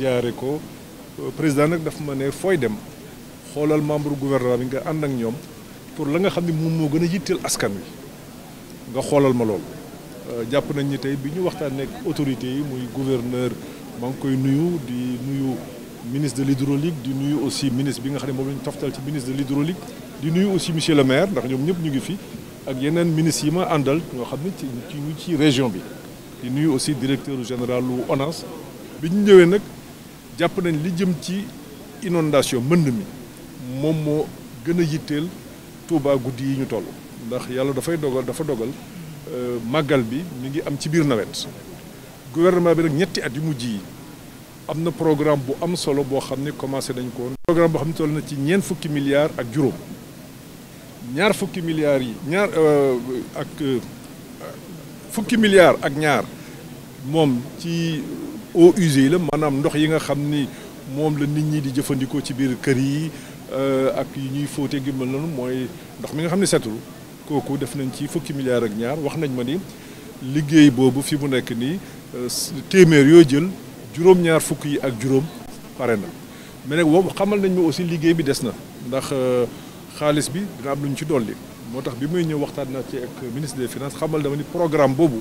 ziyaare ko président nag daf ma ne fooy dem xoolal membre gouvernement bi nga ànd ak ñoom pour la nga xam ne moom moo gën a yitteel askan wi nga xoolal ma loolu euh, jàpp nañ ni tey bi ñu waxtaan nekk autorité yi muy gouverneur maa ngi koy nuyu di nuyu ministre de l'hydraulique di nuyu aussi ministre bi nga xam ne moom la ñu toftal ci ministre de l'hydraulique di nuyu aussi monsieur le maire ndax ñoom ñëpp ñu ngi fi ak yeneen ministres yi ma àndal ñoo xam ne ci ci région bi di nuyu aussi directeur général lu ONAS bi ñu ñëwee nag jàpp nañ li jëm ci inondation mbënd mi moom moo gën a yitteel Touba guddi yi ñu toll ndax yàlla dafay dogal dafa dogal euh, màggal bi mu ngi am ci biir nawet gouvernement bi nag ñetti at yu mujj yi am na programme bu am solo boo xam ne commencé nañ ko programme boo xam ne toll na ci ñeent fukki milliards ak juróom ñaar fukki milliards yi ñaar euh, ak euh, fukki milliards ak ñaar moom ci eaux usées la maanaam ndox yi nga xam ni moom la nit ñi di jëfandikoo ci biir kër yi euh, ak yi ñuy fóote gi mel noonu mooy ndox mi nga xam ne setul kooku def nañ ci fukki milliards ak ñaar wax nañ ma ni liggéey boobu fi mu nekk nii euh, téeméer yoo jël juróom-ñaar yi ak juróom pare na mais nag xamal nañ ma aussi liggéey bi des na ndax euh, xaalis bi dina am lu ñu ci dolli moo tax bi muy ñëw waxtaan na ci ek ministre des finances xamal dama ni programme boobu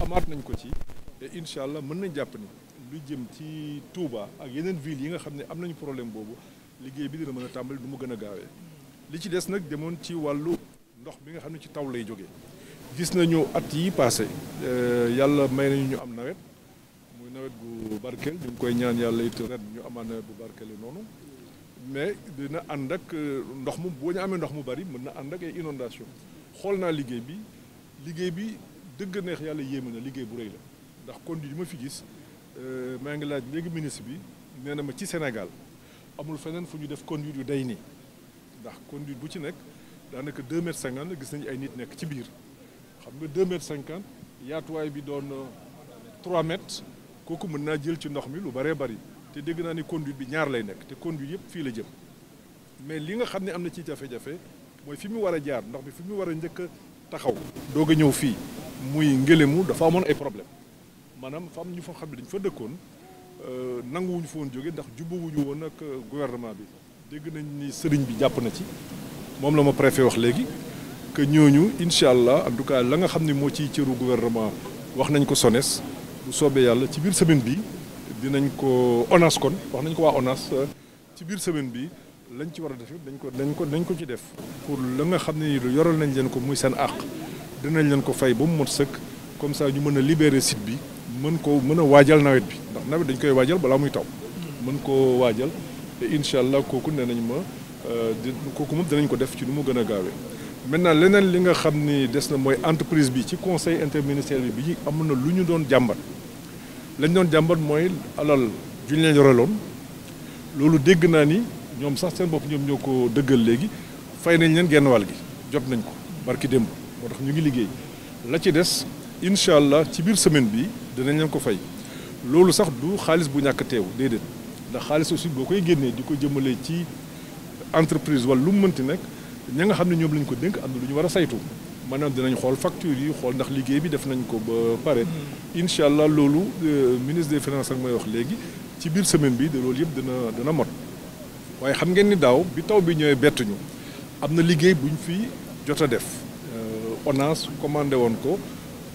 amaat nañ ko ci et incha allah mën nañ jàpp ni lu jëm ci Touba ak yeneen ville yi nga xam ne am nañu problème boobu liggéey bi dina mën a tàmbali du mu gën a gaawee li ci des nag demoon ci wàllu ndox bi nga xam ne ci taw lay jóge gis nañu at yi passé euh, yàlla may nañu ñu am nawet muy nawet gu barkeel ñu ngi koy ñaan yàlla it ren ñu amaan nawet bu barkeel noonu mais dina ànd ak euh, ndox mu boo ñu amee ndox mu bari mën na ànd ak ay xool naa liggéey bi liggéey bi dëgg neex yàlla yéeme na liggéey bu rëy la Euh, maa ngi laaj léegi ministre bi nee na ma ci Sénégal amul feneen fu ñu def conduite yu day nii ndax conduite bu ci nekk daanaka 2 mètres 50 gis nañu ay nit nekk ci biir xam nga deux mètres 50 yaatuwaay bi doon 3 mètres kooku mën naa jël ci ndox mi lu bëree bari te dégg naa ni conduite bi ñaar lay nekk te conduite yëpp fii la jëm mais li nga xam ne am na ci jafe-jafe mooy fi mu war a jaar ndox mi fi mu war a njëkk a taxaw. doog a ñëw fii muy ngélému dafa amoon ay problème maanaam fa am ñu fa xam ne dañu fa dëkkoon euh, nanguwuñu fa woon jóge ndax jubbuwuñu woon ak euh, gouvernement bi dégg nañ ni sëriñ bi jàpp na ci moom la ma préfet wax léegi que ñooñu incha allah en tout cas la nga xam ne moo ciy cëru gouvernement wax nañ ko SONES bu soobee yàlla ci biir semaine bi dinañ ko ONAS kon wax nañ ko waa ONAS euh, ci biir semaine bi lañ ci war a defee dañ ko dañ ko dañ ko ci def pour la nga xam ne yoral nañ leen ko muy seen àq dinañ leen ko fay ba mu mot sëkk comme ça ñu mën a libérer site bi mën koo mën a waajal nawet bi ndax nawet dañ koy waajal balaa muy taw mën koo waajal te incha allah kooku nee nañ ma euh, di kooku moom danañ ko def ci nu mu gën a gaawee maintenant leneen li nga xam ni des na mooy entreprise bi ci conseil interministériel bi amoon na lu ñu doon jàmbat lañ doon jàmbat mooy alal juñ leen yoreloon loolu dégg naa ni ñoom sax seen bopp ñoom ñoo ko dëggal léegi fay nañ leen genn wàll gi jot nañ ko barki démb moo tax ñu ngi liggéey la ci des incha allah ci biir semaine bi dinañ leen ko fay loolu sax du xaalis bu ñàkk teew déedéet ndax xaalis aussi boo koy génnee di ko jëmale ci entreprise wala lu mu mënti nekk ña nga xam ne ñoom lañ ko dénk am na lu ñu war a saytu maanaam dinañ xool facture yi xool ndax liggéey bi def nañ ko ba pare. Hmm. incha allah loolu euh, ministre des finances ak may wax léegi ci biir semaine bi de yëpp dina dina mot waaye xam ngeen ni daaw bi taw bi ñëwee bett am na liggéey buñ fi jot a def euh, ONAS commandé woon ko.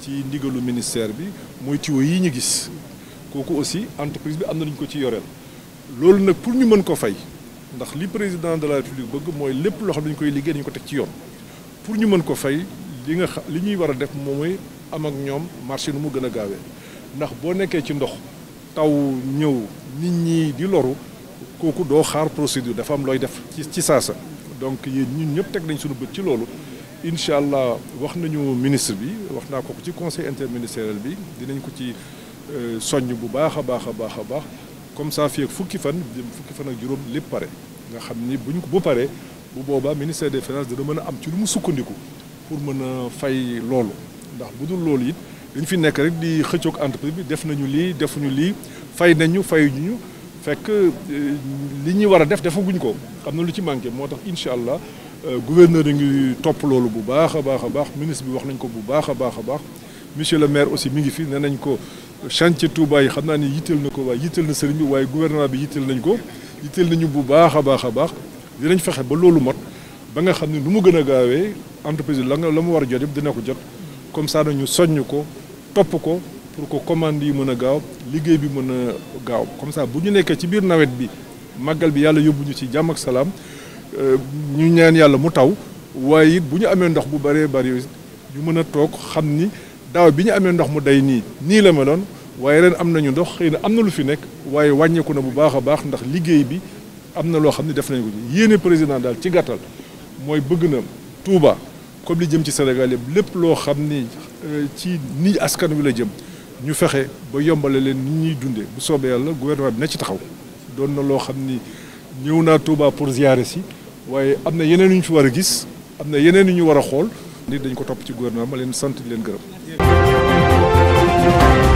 ci ndigalu ministère bi mooy tuyau yi ñu gis kooku aussi entreprise bi am na lu ñu ko ci yoreel loolu nag pour ñu mën ko fay ndax li président de la république bëgg mooy lépp loxo xam koy liggéey dañu ko teg ci yoon pour ñu mën ko fay li nga li ñuy war a def moo mooy am ak ñoom marché nu mu gën a gaawee ndax boo nekkee ci ndox taw ñëw nit ñi di loru kooku doo xaar procédure dafa am looy def ci ci saasa donc yéen ñun ñëpp teg nañ sunu bët ci loolu incha allah wax nañu ministre bi wax naa ko ci conseil interministériel bi dinañ ko ci euh, soññ bu baax a baax a baax a baax comme ça fii ak fukki fan fukki fan ak juróom lépp pare nga xam ni bu ko bu paree bu boobaa ministère des finances dina mën a am ci lu sukkandiku pour mën a fay loolu ndax bu dul loolu it dañ fi nekk rek di xëccoog entreprise bi def nañu lii defuñu lii fay nañu fayuñu fekk euh, li ñuy war a def defaguñ ko xam na lu ci manqué moo tax incha allah. Euh, gouverneur yi ngi topp loolu bu baax a baax a baax ministre bi wax nañ ko bu baax a baax a baax monsieur le maire aussi mi ngi fii nee nañ ko chantier Touba yi xam naa ni yitteel na ko waaye yitteel na sëriñ bi waaye gouvernement bi nañ ko yitteel nañu bu baax a baax a baax dinañ fexe ba loolu mot ba nga xam ne nu mu gën a gaawee entreprise la nga la mu war a jot yëpp dina ko jot comme ça nañu soññ ko topp ko pour que commande yi mën a gaaw liggéey bi mën a gaaw comme ça bu ñu nekkee ci biir nawet bi màggal bi yàlla yóbbu ci jàmm ak salaam Euh, ñu ñaan yàlla mu taw waaye it bu ñu amee ndox bu baree bëri yu mën a toog xam ni daaw bi ñu amee ndox mu day nii nii la meloon waaye ren am nañu ndox xëy na am na lu fi nekk waaye wàññeeku na bu baax a baax ndax liggéey bi am na loo xam ne def nañu ko ci yéene président daal ci gàttal mooy bëgg na Touba comme li jëm ci Sénégal yëpp lépp loo xam ni euh, ci nii askan wi la jëm ñu fexe ba yombale leen ni ñuy dundee bu soobee yàlla gouvernement bi na ci taxaw loo xam ni ñëw naa Touba pour ziare si. waaye am na yeneen yu ñu fi war a gis am na yeneen yu ñu war a xool nit dañ ko topp ci gouvernement ma leen sant di leen gërëm